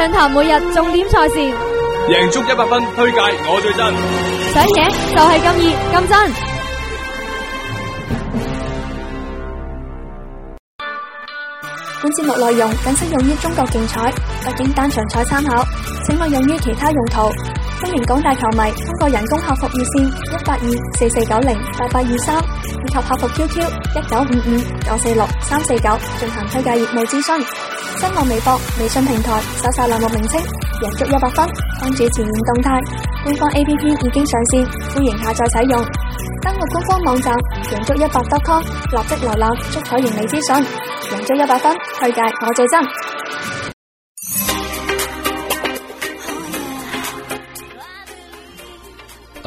上台每日重點賽事贏，贏足一百分推介，我最真。想贏就係、是、咁易咁真。本節目內容僅適用於中國競彩北京單場彩參考，請勿用於其他用途。歡迎廣大球迷通過人工客服熱線一八二四四九零八八二三以及客服 QQ 一九五五九四六三四九進行推介業務諮詢。新浪微博、微信平台搜索欄目名稱贏足一百分，關注前沿動態。官方 APP 已經上線，歡迎下載使用。登錄官方網站贏足一百分 .com，立即瀏覽足彩盈利資訊。贏足一百分，推介我最真。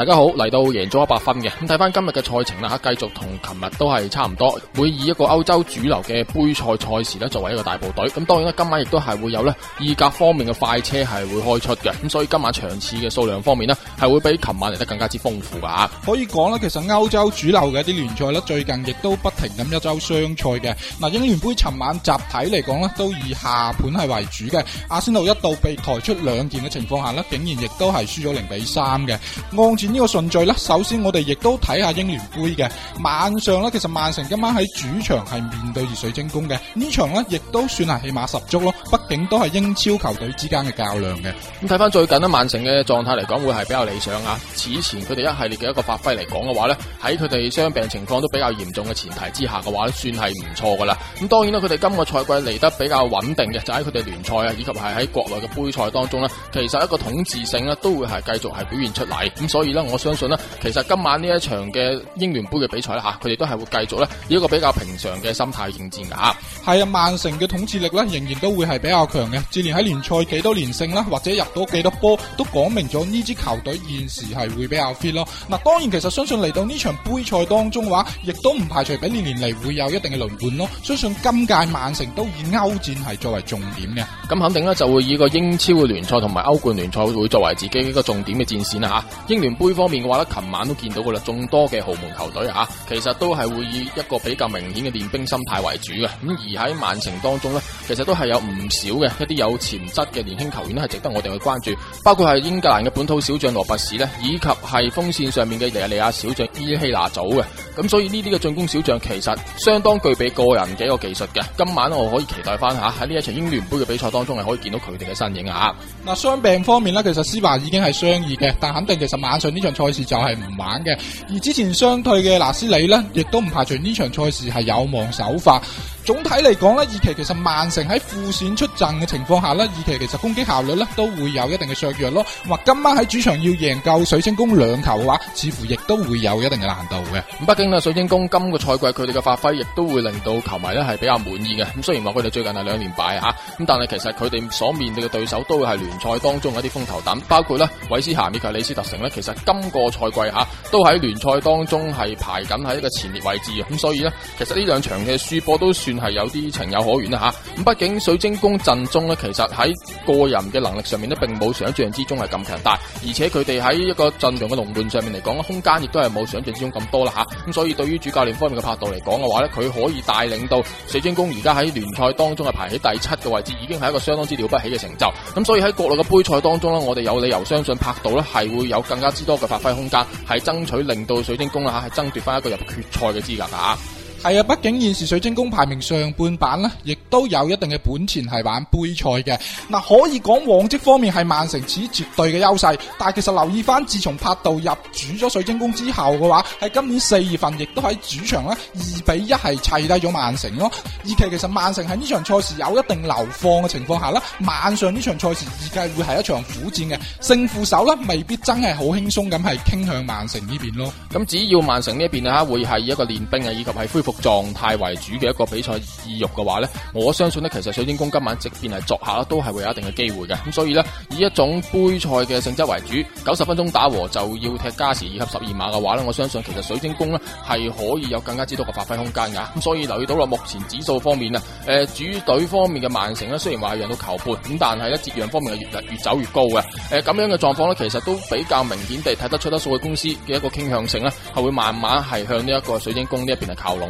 大家好，嚟到贏足 100FUN 嘅。咁睇返今日嘅賽程啦，繼續同琴日都係差唔多，會以一個歐洲主流嘅杯賽賽事咧作為一個大部隊。咁當然啦，今晚亦都係會有呢意甲方面嘅快車係會開出嘅，咁所以今晚場次嘅數量方面呢，係會比琴晚嚟得更加之豐富噶可以講呢，其實歐洲主流嘅一啲聯賽呢，最近亦都不停咁一周雙賽嘅。嗱，英聯杯尋晚集體嚟講呢，都以下盤係為主嘅，阿仙奴一度被抬出兩件嘅情況下呢，竟然亦都係輸咗零比三嘅，安呢個順序啦，首先我哋亦都睇下英聯盃嘅晚上咧。其實曼城今晚喺主場係面對熱水晶宮面對住水晶宮嘅呢場咧，亦都算係起碼十足咯。畢竟都係英超球隊之間嘅較量嘅。咁睇翻最近咧，曼城嘅狀態嚟講會係比較理想啊。此前佢哋一系列嘅一個發揮嚟講嘅話咧，喺佢哋傷病情況都比較嚴重嘅前提之下嘅話咧，都算係唔錯噶啦。咁當然啦，佢哋今個賽季嚟得比較穩定嘅，就喺佢哋聯賽啊，以及係喺國內嘅杯賽當中咧，其實一個統治性咧都會係繼續係表現出嚟。咁所以。我相信啦，其實今晚呢一場嘅英聯杯嘅比賽啦，吓，佢哋都係會繼續咧，以一個比較平常嘅心態應戰噶吓。係啊，曼城嘅統治力咧，仍然都會係比較強嘅。就連喺聯賽幾多連勝啦，或者入到幾多波，都講明咗呢支球隊現時係會比較 fit 咯。嗱，當然其實相信嚟到呢場盃賽當中嘅話，亦都唔排除比年年嚟會有一定嘅輪換咯。相信今屆曼城都以歐戰係作為重點嘅。咁肯定咧，就會以個英超嘅聯賽同埋歐冠聯賽會作為自己一個重點嘅戰線啦、啊、吓。英聯盃方面嘅話咧，琴晚都見到嘅啦，眾多嘅豪門球隊啊，其實都係會以一個比較明顯嘅練兵心態為主嘅。咁、嗯、而而喺曼城當中呢，其實都係有唔少嘅一啲有潛質嘅年輕球員咧，係值得我哋去關注。包括係英格蘭嘅本土小將羅伯士呢，以及係鋒線上面嘅尼利亞小將伊希拿祖嘅。咁所以呢啲嘅進攻小將其實相當具備個人嘅一個技術嘅。今晚我可以期待翻吓喺呢一場英聯杯嘅比賽當中，係可以見到佢哋嘅身影啊！嗱，傷病方面呢，其實施華已經係傷愈嘅，但肯定其實晚上呢場賽事就係唔玩嘅。而之前傷退嘅納斯里呢，亦都唔排除呢場賽事係有望首發。總體，嚟講呢，二期其，其實曼城喺副選出陣嘅情況下呢，二期其，其實攻擊效率呢都會有一定嘅削弱咯。咁今晚喺主場要贏夠水晶宮兩球嘅話，似乎亦都會有一定嘅難度嘅。咁畢竟呢，水晶宮今個賽季佢哋嘅發揮亦都會令到球迷呢係比較滿意嘅。咁雖然話佢哋最近係兩連敗吓，咁、啊、但係其實佢哋所面對嘅對手都會係聯賽當中一啲風頭躉，包括呢，韋斯咸呢，同李斯特城呢，其實今個賽季吓、啊、都喺聯賽當中係排緊喺一個前列位置咁，啊、所以呢，其實呢兩場嘅輸波都算係有。啲情有可原啦吓，咁畢竟水晶宮陣中咧，其實喺個人嘅能力上面咧，並冇想象之中係咁強大，而且佢哋喺一個陣容嘅輪換上面嚟講，空間亦都係冇想象之中咁多啦吓，咁所以對於主教練方面嘅拍度嚟講嘅話咧，佢可以帶領到水晶宮而家喺聯賽當中係排喺第七嘅位置，已經係一個相當之了不起嘅成就，咁所以喺國內嘅杯賽當中咧，我哋有理由相信拍度咧係會有更加之多嘅發揮空間，係爭取令到水晶宮啊吓，係爭奪翻一個入決賽嘅資格吓。係啊，畢竟現時水晶宮排名上半版，呢，亦都有一定嘅本錢係玩杯賽嘅。嗱，啊，可以講往績方面係曼城此絕對嘅優勢，但係其實留意翻，自從柏度入主咗水晶宮之後嘅話，喺今年四月份亦都喺主場啦，二比一係砌低咗曼城咯。而其其實曼城喺呢場賽事有一定流放嘅情況下呢，晚上呢場賽事預計會係一場苦戰嘅，勝負手呢未必真係好輕鬆咁係傾向曼城呢邊咯。咁只要曼城這邊呢一邊啊會係一個練兵啊以及係恢復。狀態為主嘅一個比賽意欲嘅話呢，我相信咧，其實水晶宮今晚即便係作客都係會有一定嘅機會嘅。咁所以呢，以一種杯賽嘅性質為主，九十分鐘打和就要踢加時以及十二碼嘅話呢，我相信其實水晶宮呢係可以有更加之多嘅發揮空間噶。咁所以留意到啦，目前指數方面啊，誒、呃、主隊方面嘅曼城呢，雖然話係讓到球半，咁但係呢，折讓方面係越越走越高嘅。咁、呃、樣嘅狀況呢，其實都比較明顯地睇得出得數據公司嘅一個傾向性呢，係會慢慢係向呢一個水晶宮呢一邊係靠攏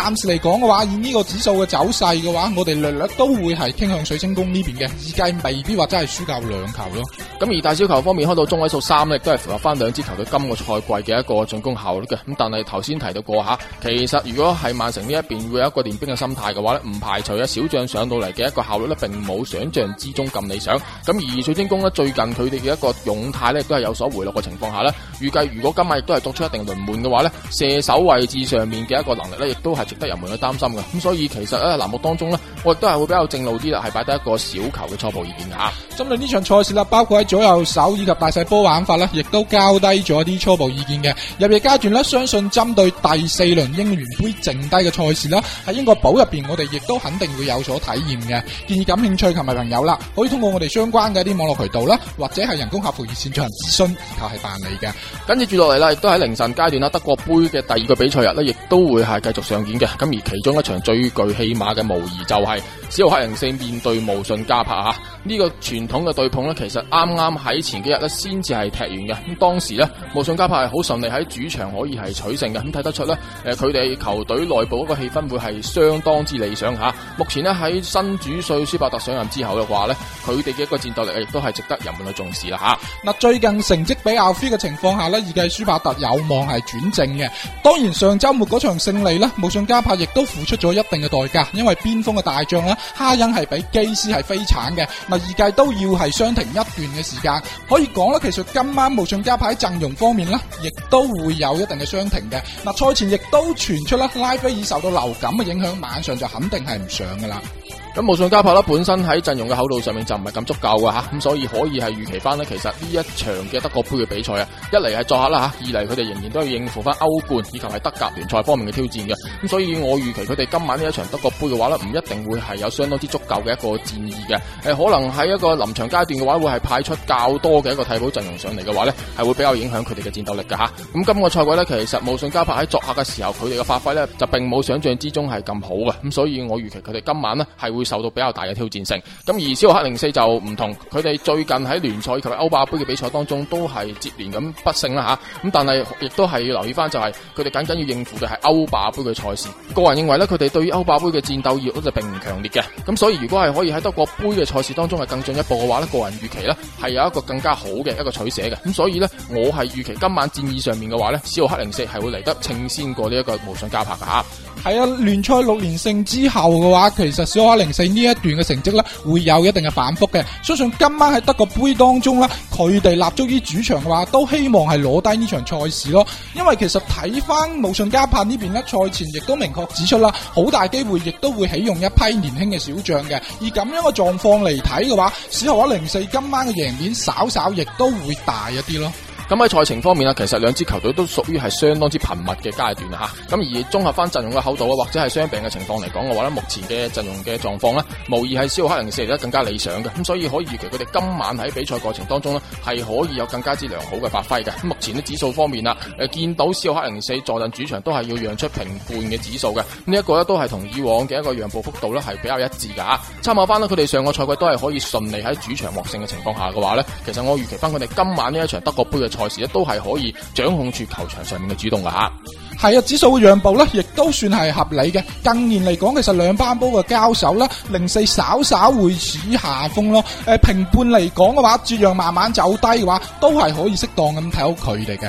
暫時嚟講嘅話，以呢個指數嘅走勢嘅話，我哋略略都會係傾向水晶宮呢邊嘅，預計未必話真係輸夠兩球咯。咁而大小球方面，開到中位數三咧，亦都係符合翻兩支球隊今個賽季嘅一個進攻效率嘅。咁但係頭先提到過吓，其實如果係曼城呢一邊會有一個練兵嘅心態嘅話呢，唔排除啊小將上到嚟嘅一個效率呢並冇想象之中咁理想。咁而水晶宮呢，最近佢哋嘅一個勇態呢都係有所回落嘅情況下呢，預計如果今晚亦都係作出一定輪換嘅話呢，射手位置上面嘅一個能力呢亦都係。值得人們去擔心嘅，咁所以其實咧，欄目當中呢，我亦都係會比較正路啲啦，係擺低一個小球嘅初步意見吓。針對呢場賽事啦，包括喺左右手以及大細波玩法呢，亦都交低咗啲初步意見嘅。入夜階段呢，相信針對第四輪英聯杯剩低嘅賽事啦，喺英國寶入邊，我哋亦都肯定會有所體驗嘅。建議感興趣球迷朋友啦，可以通過我哋相關嘅一啲網絡渠道啦，或者係人工客服熱線進行諮詢及係辦理嘅。跟住住落嚟啦，亦都喺凌晨階段啦，德國杯嘅第二個比賽日呢，亦都會係繼續上演。嘅，咁而其中一場最具戲碼嘅無疑就係小黑人勝面對無信加柏呢，呢個傳統嘅對碰呢，其實啱啱喺前幾日呢先至係踢完嘅。咁當時呢，無信加柏係好順利喺主場可以係取勝嘅。咁睇得出呢，誒佢哋球隊內部一個氣氛會係相當之理想嚇。目前呢，喺新主帥舒伯特上任之後嘅話呢，佢哋嘅一個戰鬥力亦都係值得人們去重視啦嚇。嗱，最近成績比較飛嘅情況下呢，預計舒伯特有望係轉正嘅。當然上週末嗰場勝利呢。無上加派亦都付出咗一定嘅代價，因為邊鋒嘅大將哈恩係比基斯係飛鏟嘅，嗱預計都要係傷停一段嘅時間，可以講啦，其實今晚無上加派喺陣容方面呢亦都會有一定嘅傷停嘅，嗱賽前亦都傳出啦，拉菲爾受到流感嘅影響，晚上就肯定係唔上噶啦。咁慕遜加柏咧，本身喺陣容嘅厚度上面就唔係咁足夠嘅吓，咁所以可以係預期翻呢。其實呢一場嘅德國盃嘅比賽啊，一嚟係作客啦吓，二嚟佢哋仍然都要應付翻歐冠以及係德甲聯賽方面嘅挑戰嘅，咁所以我預期佢哋今晚呢一場德國盃嘅話呢唔一定會係有相當之足夠嘅一個戰意嘅，誒可能喺一個臨場階段嘅話，會係派出較多嘅一個替補陣容上嚟嘅話呢係會比較影響佢哋嘅戰鬥力嘅吓。咁今個賽季呢，其實慕遜加柏喺作客嘅時候，佢哋嘅發揮呢，就並冇想象之中係咁好嘅，咁所以我預期佢哋今晚呢，係會。受到比較大嘅挑戰性，咁而小黑零四就唔同，佢哋最近喺聯賽同埋歐霸杯嘅比賽當中都係接連咁不勝啦吓，咁但係亦都係要留意翻就係佢哋僅僅要應付嘅係歐霸杯嘅賽事，個人認為咧佢哋對於歐霸杯嘅戰鬥意欲就並唔強烈嘅，咁所以如果係可以喺德國杯嘅賽事當中係更進一步嘅話咧，個人預期咧係有一個更加好嘅一個取捨嘅，咁所以咧我係預期今晚戰意上面嘅話咧，小黑零四係會嚟得稱先過呢、這、一個無上加拍。嘅吓。係啊，聯賽六連勝之後嘅話，其實小可零四呢一段嘅成績咧會有一定嘅反覆嘅。相信今晚喺德國杯當中咧，佢哋立足於主場嘅話，都希望係攞低呢場賽事咯。因為其實睇翻武順加帕這邊呢邊咧，賽前亦都明確指出啦，好大機會亦都會起用一批年輕嘅小將嘅。以咁樣嘅狀況嚟睇嘅話，小可零四今晚嘅贏面稍稍亦都會大一啲咯。咁喺賽程方面啊，其實兩支球隊都屬於係相當之頻密嘅階段啊，咁而綜合翻陣容嘅厚度啊，或者係傷病嘅情況嚟講嘅話咧，目前嘅陣容嘅狀況咧，無疑係肖克零四咧更加理想嘅，咁所以可以預期佢哋今晚喺比賽過程當中呢，係可以有更加之良好嘅發揮嘅，啊。目前嘅指數方面啊，誒見到肖克零四坐鎮主場都係要讓出平半嘅指數嘅，這個，呢一個咧都係同以往嘅一個讓步幅度呢係比較一致噶，參、啊、考翻啦，佢哋上個賽季都係可以順利喺主場獲勝嘅情況下嘅話呢，其實我預期翻佢哋今晚呢一場德國杯嘅賽事咧都係可以掌控住球場上面嘅主動噶吓、啊，係啊指數嘅讓步咧亦都算係合理嘅，近年嚟講，其實兩班波嘅交手咧零四稍稍會處於下風咯，誒平半嚟講嘅話，絕讓慢慢走低嘅話，都係可以適當咁睇好佢哋嘅。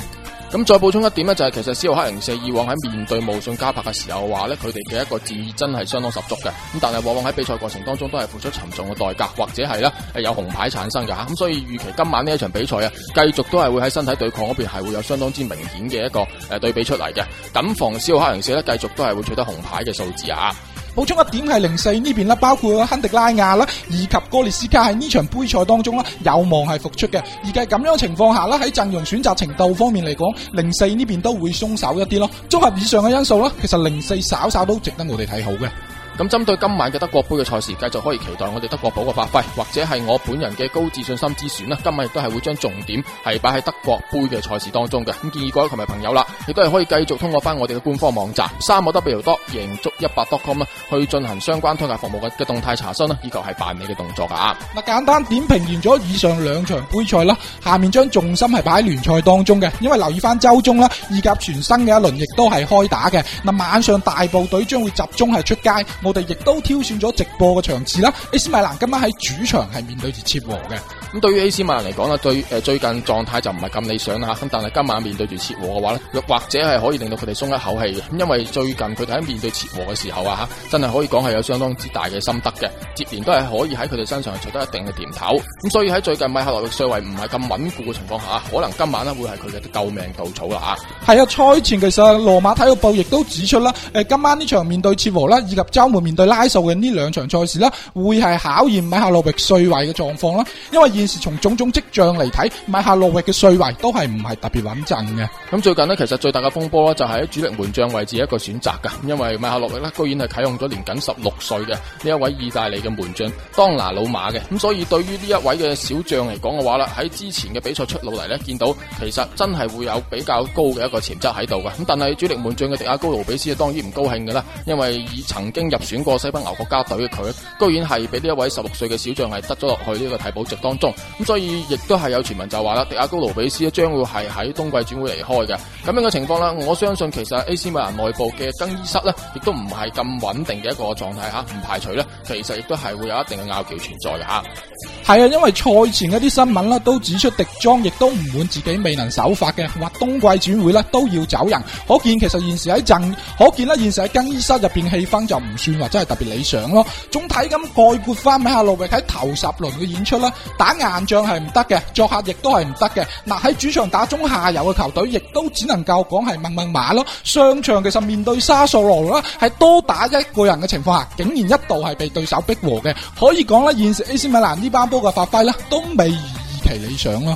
咁再補充一點咧，就係、是、其實斯洛伐尼亞以往喺面對無信加拍嘅時候話咧，佢哋嘅一個戰意真係相當十足嘅，咁但係往往喺比賽過程當中都係付出沉重嘅代價，或者係咧有紅牌產生嘅吓，咁所以預期今晚呢一場比賽啊，繼續都係會喺身體對抗嗰邊係會有相當之明顯嘅一個誒對比出嚟嘅，咁防斯洛伐尼亞呢，咧繼續都係會取得紅牌嘅數字啊。補充一點係零四呢邊啦，包括亨迪拉亞啦，以及哥列斯卡喺呢場杯賽當中啦，有望係復出嘅。而喺咁樣嘅情況下啦，喺陣容選擇程度方面嚟講，零四呢邊都會鬆手一啲咯。綜合以上嘅因素啦，其實零四稍稍都值得我哋睇好嘅。咁針對今晚嘅德國杯嘅賽事，繼續可以期待我哋德國寶嘅發揮，或者係我本人嘅高自信心之選啦。今日亦都係會將重點係擺喺德國杯嘅賽事當中嘅。咁建議各位球迷朋友啦，亦都係可以繼續通過翻我哋嘅官方網站三個 W 多贏足一百 .com 啦，去進行相關推介服務嘅嘅動態查詢啦，以及係辦理嘅動作噶。嗱，簡單點評完咗以上兩場杯賽啦，下面將重心係擺喺聯賽當中嘅，因為留意翻周中啦，以及全新嘅一輪亦都係開打嘅。嗱，晚上大部隊將會集中係出街。我哋亦都挑選咗直播嘅場次啦，AC 米蘭今晚喺主場係面對住切禾嘅。咁對於 AC 米蘭嚟講啦，對誒、呃、最近狀態就唔係咁理想啦，咁但係今晚面對住切禾嘅話咧，又或者係可以令到佢哋鬆一口氣嘅。因為最近佢哋喺面對切禾嘅時候啊，吓真係可以講係有相當之大嘅心得嘅，接連都係可以喺佢哋身上取得一定嘅甜頭。咁所以喺最近米克羅嘅帥位唔係咁穩固嘅情況下，可能今晚咧會係佢嘅救命稻草啦。吓係啊！賽、啊、前其實羅馬體育報亦都指出啦，誒、呃、今晚呢場面對切禾啦，以及面對拉素嘅呢兩場賽事啦，會係考驗米夏洛域帥位嘅狀況啦。因為現時從種種跡象嚟睇，米夏洛域嘅帥位都係唔係特別穩陣嘅。咁最近呢，其實最大嘅風波咧就係喺主力門將位置一個選擇噶。因為米夏洛域呢，居然係啟用咗年僅十六歲嘅呢一位意大利嘅門將當拿老馬嘅。咁所以對於呢一位嘅小將嚟講嘅話啦，喺之前嘅比賽出路嚟呢，見到其實真係會有比較高嘅一個潛質喺度嘅。咁但係主力門將嘅迪亞高盧比斯當然唔高興嘅啦，因為以曾經入選過西班牙國家隊嘅佢，居然係俾呢一位十六歲嘅小將係得咗落去呢個替補席當中，咁所以亦都係有傳聞就話啦，迪亞高盧比斯將會係喺冬季轉會離開嘅。咁樣嘅情況啦，我相信其實 AC 米蘭內部嘅更衣室呢，亦都唔係咁穩定嘅一個狀態吓，唔排除呢，其實亦都係會有一定嘅拗撬存在嘅吓。係啊，因為賽前一啲新聞呢，都指出迪莊亦都唔滿自己未能首發嘅，話冬季轉會呢都要走人，可見其實現時喺陣，可見咧現時喺更衣室入邊氣氛就唔算。話真係特別理想咯，總體咁概括翻，米下路易喺頭十輪嘅演出啦，打硬仗係唔得嘅，作客亦都係唔得嘅。嗱，喺主場打中下游嘅球隊，亦都只能夠講係掹掹馬咯。上場其實面對沙索羅啦，係多打一個人嘅情況下，竟然一度係被對手逼和嘅，可以講啦，現時 AC 米蘭呢班波嘅發揮咧，都未如預期理想咯。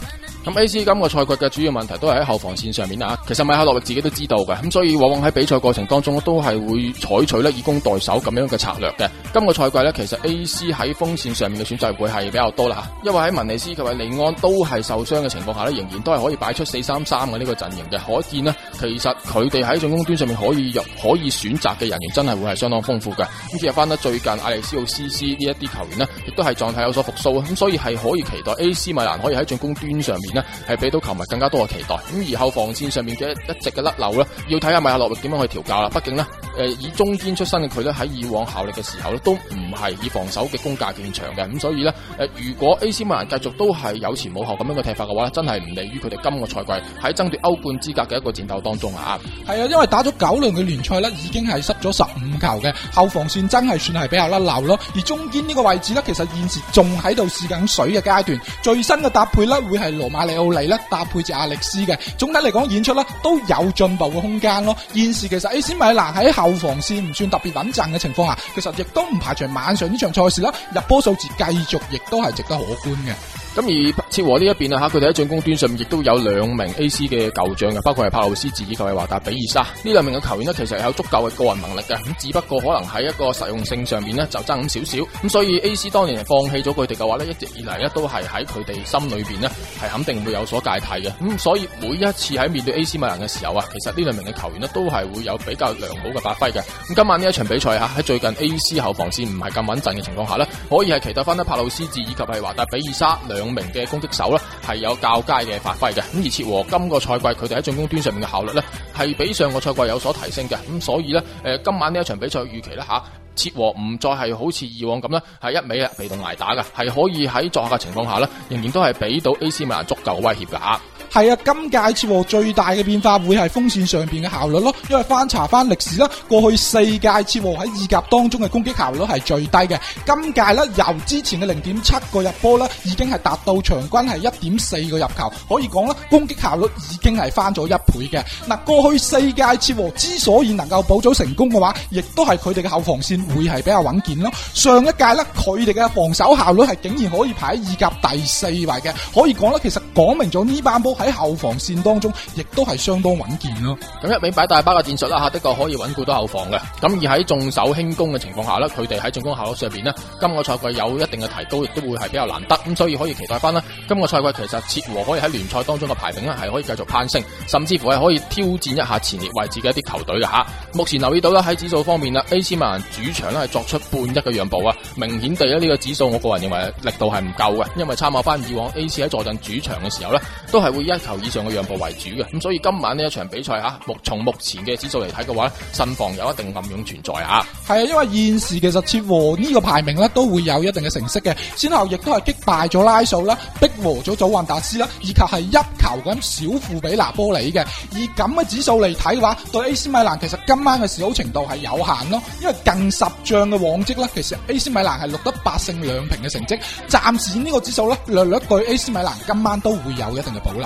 咁 A.C. 今個賽季嘅主要問題都係喺後防線上面啊。其實米夏洛自己都知道嘅，咁所以往往喺比賽過程當中都係會採取咧以攻代守咁樣嘅策略嘅。今個賽季咧，其實 A.C. 喺鋒線上面嘅選擇會係比較多啦吓，因為喺文尼斯同埋利安都係受傷嘅情況下咧，仍然都係可以擺出四三三嘅呢個陣營嘅。可見咧，其實佢哋喺進攻端上面可以入可以選擇嘅人員真係會係相當豐富嘅。咁加入翻咧最近艾利斯奧斯斯呢一啲球員咧，亦都係狀態有所復蘇啊，咁所以係可以期待 A.C. 米蘭可以喺進攻端上面係俾到球迷更加多嘅期待，咁而後防綫上面嘅一,一直嘅甩漏咧，要睇下米夏洛會點樣去調教啦。畢竟咧。以中堅出身嘅佢咧，喺以往效力嘅時候咧，都唔係以防守嘅功架見長嘅，咁所以呢，誒、呃，如果 A.C. 米蘭繼續都係有前冇後咁樣嘅踢法嘅話，真係唔利於佢哋今個賽季喺爭奪歐冠資格嘅一個戰鬥當中啊！係啊，因為打咗九輪嘅聯賽呢，已經係失咗十五球嘅後防線，真係算係比較甩漏咯。而中堅呢個位置呢，其實現時仲喺度試緊水嘅階段，最新嘅搭配呢，會係羅馬里奧利呢，搭配住阿歷斯嘅。總體嚟講，演出呢都有進步嘅空間咯。現時其實 A.C. 米蘭喺後防線唔算特別穩陣嘅情況下，其實亦都唔排除晚上呢場賽事啦，入波數字繼續亦都係值得可觀嘅。咁而 切和呢一邊啊吓，佢哋喺進攻端上面亦都有兩名 A.C. 嘅舊將嘅，包括係帕魯斯治以及係華達比爾沙。呢兩名嘅球員咧，其實係有足夠嘅個人能力嘅，咁只不過可能喺一個實用性上面咧就爭咁少少，咁所以 A.C. 當年係放棄咗佢哋嘅話咧，一直以嚟咧都係喺佢哋心裏邊咧係肯定會有所芥蒂嘅。咁、嗯、所以每一次喺面對 A.C. 米蘭嘅時候啊，其實呢兩名嘅球員咧都係會有比較良好嘅發揮嘅。咁今晚呢一場比賽吓喺最近 A.C. 後防線唔係咁穩陣嘅情況下咧，可以係期待翻得帕魯斯治以及係華達比爾沙兩名嘅手呢的手咧係有較佳嘅發揮嘅，咁而切禾今個賽季佢哋喺進攻端上面嘅效率咧係比上個賽季有所提升嘅，咁所以咧誒、呃、今晚呢一場比賽預期咧吓、啊、切禾唔再係好似以往咁咧係一味啊被動捱打嘅，係可以喺作客嘅情況下咧仍然都係俾到 AC 米蘭足夠嘅威脅噶。係啊，今屆切和最大嘅變化會係鋒線上邊嘅效率咯，因為翻查翻歷史啦，過去四屆切和喺意甲當中嘅攻擊效率係最低嘅。今屆呢，由之前嘅零點七個入波呢，已經係達到場均係一點四個入球，可以講啦，攻擊效率已經係翻咗一倍嘅。嗱，過去四屆切和之所以能夠補早成功嘅話，亦都係佢哋嘅後防線會係比較穩健咯。上一屆呢，佢哋嘅防守效率係竟然可以排喺意甲第四位嘅，可以講啦，其實講明咗呢班波。喺後防線當中，亦都係相當穩健咯、啊。咁、嗯、一邊擺大巴嘅戰術啦吓，的確可以穩固到後防嘅。咁而喺重守輕攻嘅情況下呢，佢哋喺進攻效率上邊呢，今個賽季有一定嘅提高，亦都會係比較難得。咁所以可以期待翻啦。今個賽季其實切和可以喺聯賽當中嘅排名呢，係可以繼續攀升，甚至乎係可以挑戰一下前列位置嘅一啲球隊嘅吓。目前留意到啦，喺指數方面啦，AC 米蘭主場呢，係作出半一嘅讓步啊。明顯地呢個指數，我個人認為力度係唔夠嘅，因為參考翻以往 AC 喺坐鎮主場嘅時候呢，都係會。一球以上嘅讓步為主嘅，咁所以今晚呢一場比賽吓，目從目前嘅指數嚟睇嘅話咧，慎防有一定暗湧存在啊。係啊，因為現時嘅實切和呢個排名咧，都會有一定嘅成色嘅。先後亦都係擊敗咗拉素啦，逼和咗祖雲達斯啦，以及係一球咁小負比拿波里嘅。以咁嘅指數嚟睇嘅話，對 AC 米蘭其實今晚嘅示好程度係有限咯。因為近十仗嘅往績咧，其實 AC 米蘭係錄得八勝兩平嘅成績。暫時呢個指數咧，略略對 AC 米蘭今晚都會有一定嘅保留。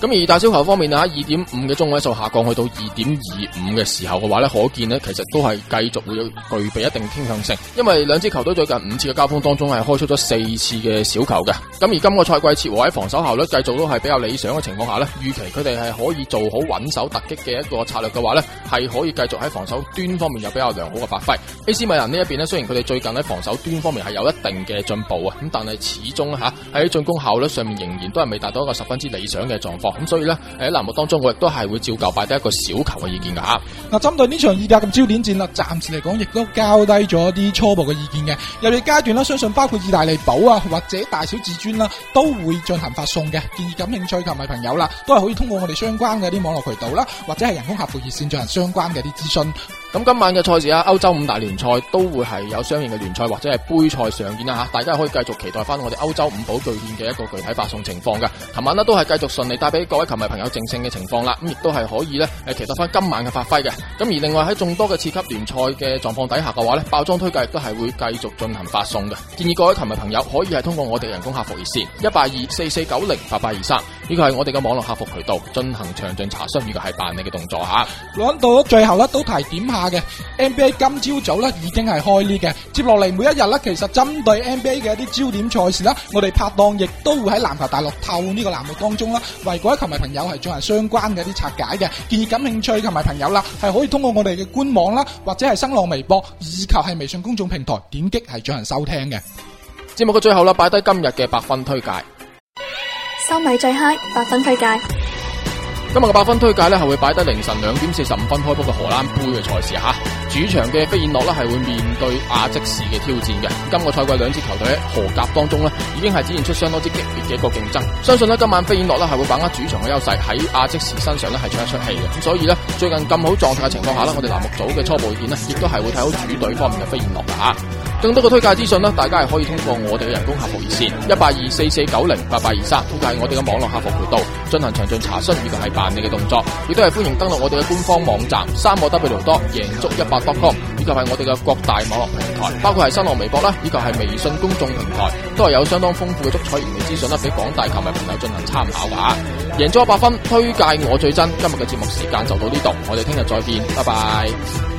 咁而大小球方面啊，喺二點五嘅中位數下降去到二點二五嘅時候嘅話咧，可見咧其實都係繼續會有具備一定傾向性，因為兩支球隊最近五次嘅交鋒當中係開出咗四次嘅小球嘅。咁而今個賽季切和喺防守效率繼續都係比較理想嘅情況下咧，預期佢哋係可以做好穩守突擊嘅一個策略嘅話咧，係可以繼續喺防守端方面有比較良好嘅發揮。A.C. 米蘭呢一邊咧，雖然佢哋最近喺防守端方面係有一定嘅進步啊，咁但係始終吓喺進攻效率上面仍然都係未達到一個十分之理想嘅狀況。咁所以咧，喺欄目當中，我亦都係會照舊擺低一個小球嘅意見噶吓。嗱、啊，針、啊、對呢場意甲咁焦點戰啦，暫時嚟講亦都交低咗一啲初步嘅意見嘅。入夜階段啦，相信包括意大利寶啊，或者大小至尊啦、啊，都會進行發送嘅。建議感興趣球迷朋友啦、啊，都係可以通過我哋相關嘅啲網絡渠道啦、啊，或者係人工客服熱綫進行相關嘅啲諮詢。咁、啊、今晚嘅賽事啊，歐洲五大聯賽都會係有相應嘅聯賽或者係盃賽上演啦吓，大家可以繼續期待翻我哋歐洲五寶巨獻嘅一個具體發送情況嘅。琴晚呢都係繼續順利帶各位球迷朋友，正勝嘅情況啦，咁亦都係可以咧，誒，期待翻今晚嘅發揮嘅。咁而另外喺眾多嘅次級聯賽嘅狀況底下嘅話咧，爆裝推介亦都係會繼續進行發送嘅。建議各位球迷朋友可以係通過我哋人工客服熱線一八二四四九零八八二三呢個係我哋嘅網絡客服渠道進行詳盡查詢，呢個係辦理嘅動作吓。講到最後咧，都提點下嘅 NBA 今朝早咧已經係開裂嘅，接落嚟每一日咧，其實針對 NBA 嘅一啲焦點賽事啦，我哋拍檔亦都會喺籃球大陸透呢個欄目當中啦，為各位球迷朋友係進行相關嘅一啲拆解嘅，建議感興趣嘅球迷朋友啦，係可以通過我哋嘅官網啦，或者係新浪微博，以及係微信公眾平台點擊係進行收聽嘅。節目嘅最後啦，擺低今日嘅百分推介，收米最嗨 i 百分推介。今日嘅百分推介咧，係會擺低凌晨兩點四十五分開波嘅荷蘭杯嘅賽事吓。主場嘅飛燕諾呢，係會面對亞積士嘅挑戰嘅，今個賽季兩支球隊荷甲當中咧，已經係展現出相當之激烈嘅一個競爭。相信咧，今晚飛燕諾呢，係會把握主場嘅優勢，喺亞積士身上咧係唱一出戲嘅。咁所以咧，最近咁好狀態嘅情況下咧，我哋欄目組嘅初步意見咧，亦都係會睇好主隊方面嘅飛燕諾吓，更多嘅推介資訊咧，大家係可以通過我哋嘅人工客服熱線一八二四四九零八八二三，亦都係我哋嘅網絡客服渠道進行詳盡查詢以及係辦理嘅動作，亦都係歡迎登錄我哋嘅官方網站三個 W 多贏足一百。以及係我哋嘅各大網絡平台，包括係新浪微博啦，以及係微信公眾平台，都係有相當豐富嘅足彩研究資訊啦，俾廣大球迷朋友進行參考噶。贏咗一百分，推介我最真。今日嘅節目時間就到呢度，我哋聽日再見，拜拜。